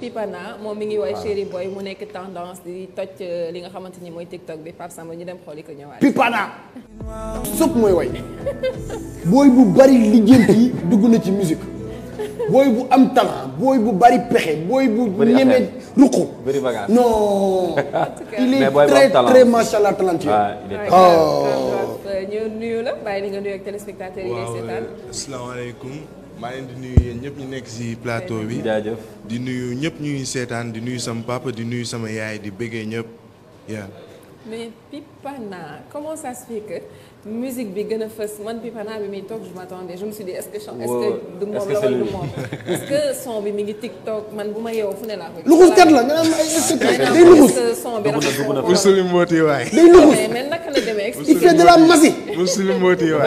Pipana moom mi ngi woy Chéri Boy mu nekk tendance di toj euh, li nga xamante ni mooy TikTok bi Pape Samba ñu dem xooli ko ñëwaat. Pipana. sëpp mooy woy booy bu bari liggéent yi dugg na ci musique booy bu am talent booy bu bari pexe booy bu. bari ñeme ruq. bari non. il est très très macha allah oh. nuyu la bàyyi li nga nuyu ak téléspectateurs yi ngay seetaan. maa leen di nuyu yéen ñëpp ñu nekk ci plateau bi jaajëf di nuyu ñëpp ñuy seetaan di nuyu sama papa di nuyu sama yaay di bëggee ñëpp yaa mais Pipana comment ça se fait que bi gën a fës man Pipana bi mi toog je m'attendais je me suis dit la wala du moom est bi mi ngi TikTok man bu ma yeewoo fu ne laa koy. la nga naan ay est bi rafet na muslim waay. day luxus mais naka la demee. waay.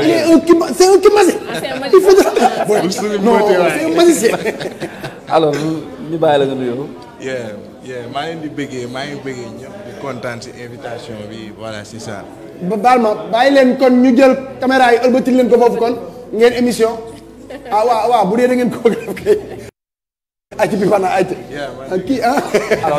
il est un kii c'est un non c'est un magicien alors ñu bàyyi la nga nuyoo. yeah yeah maa ngi di bëggee maa ngi bëggee di kontaan si invitation bi voilà c'est ça. ba baal ma bàyyi leen kon ñu jël caméra yi ëlbatil leen ko foofu kon ngeen émission ah waaw waaw bu dee da ngeen ko def kay. aci bi ah.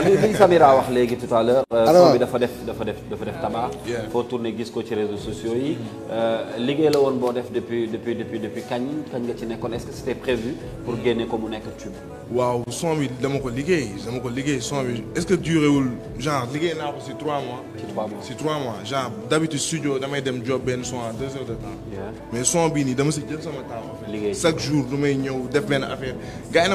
li Samira wax léegi tout à l'heure euh, son bi dafa def dafa def dafa def tabac foo tourné gis ko ci réseaux sociaux yi euh, liggéey la woon boo def depuis depuis depuis depuis kañ kañ nga ci nekkoon est-ce prévu pour génne ko mu nekk tube waaw son bi dama ko liggéey dama ko liggéey son bi est-ce que duréwul genre liggéey naa ko si trois mois si trois mois si trois mois genre d'habitude studio damay dem job benn son à deux heures de temps mais son bi nii dama si jël sama temps liggéey jour du may ñëw def benn affaire gars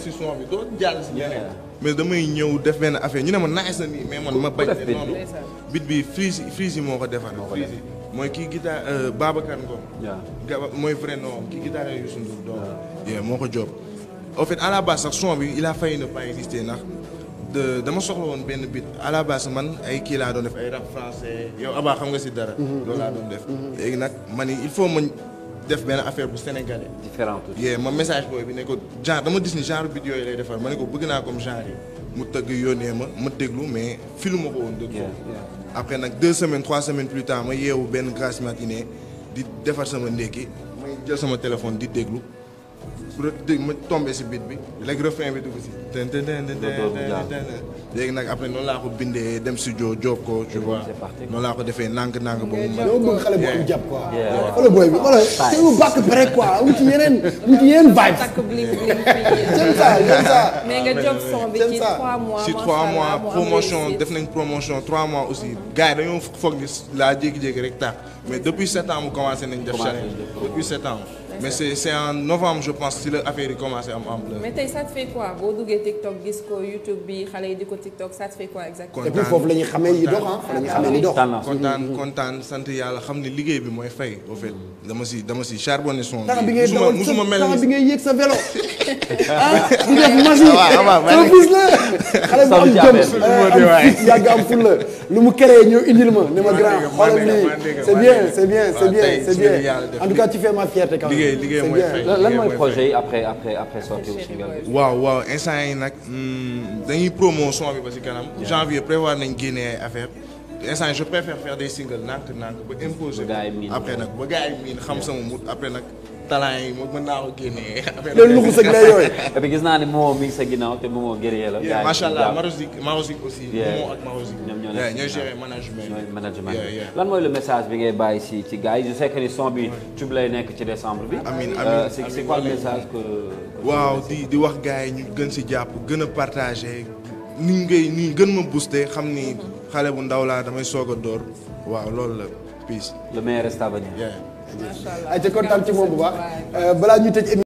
si son bi doo jàll si ñeneen mais damay ñëw def benn affaire ñu ne ma nice na nii mais man ma bañ ne noonu bit bi Freezy Freezy moo ko defar Freezy mooy kii guitare euh, Babacar Ngom gaba mooy vrai nom kii guitare Youssou Ndour donc yee moo ko job en fait à la base sax son bi il a failli ne pas exister ndax dama soxla woon benn bit à la man ay kii laa doon def ay rap français yow abaa xam nga si dara mm-hmm. loolu laa doon def mm-hmm. léegi nag man il faut ma def benn affaire bu sénégalais. différent tout yee ma message booy bi ne ko genre dama gis ni genre vidéo yi lay defar ma ne ko bëgg naa comme genre yi mu tëgg yónnee ma ma déglu mais filuma ko woon déglu après nag deux semaines trois semaines plus tard ma yeewu benn grasse matinée di defar sama ndékki may jël sama téléphone di déglu pour dégg ma tombé si beat bi léegi refrain bi dugg si. léegi nag après noonu laa ko bindee dem studio job ko tu vois noonu laa ko defee nànk nànk ba mu mën. doo bëgg xale bu am jàpp quoi. wala booy bi wala c'est mu bàkk pare quoi amu ci yeneen amu ci yeneen vibes. jëm saa jëm saa. mais nga job son bi ci 3 mois. si 3 mois promotion def nañ promotion 3 mois aussi. gars yi dañoo foog ni laa jékki-jékki rek tax mais depuis 7 ans mu commencé nañ def challenge depuis 7 ans. mais c' est c' est en novembre je pense si la affaire yi am ampleur. mais tey ça te fait quoi TikTok gis YouTube bi xale yi di TikTok ça te fait quoi exactement. kontaan et puis foofu yi dox ah. la ñuy xamee li liggéey bi mooy fay au fait. dama si son. bi bi ngay yéeg sa vélo. ah bu def machine. waaw waaw man la lu mu créé ñëw indil ne ma grand xoolal c'est bien c'est bien c'est bien en tout cas tu fais ma fierté quand même liggéey liggéey mooy fay lan mooy projet yi après après après sortie au single waaw waaw instant yi nag hmm, dañuy promotion bi ba ci kanam. janvier prévoir nañ génnee affaire. instant je préfère faire des singles nànk nànk ba imposer. après nag ba gars yi miin xam sama mut après nag. talent yi mën naa ko génnee. loolu luxu sëg la yooyu. et gis naa ne Momo mi ngi sa ginnaaw te Momo guerrier la. yaa macha allah Marozik Marozik aussi. Momo ak Marozik. ñoom lan mooy le message bi ngay bàyyi si ci gars yi je sais ni son bi tube lay nekk ci décembre bi. amiin euh, amiin c'est quoi le message que. waaw di di wax gars yi ñu gën si jàpp gën a partagé ni ngay ni gën ma booster xam ni mm-hmm. xale bu ndaw laa damay soog a door waaw loolu la peace. le meilleur reste à macha allah ay ca kontaan ci moom bu baax euh, balaa ñu tëj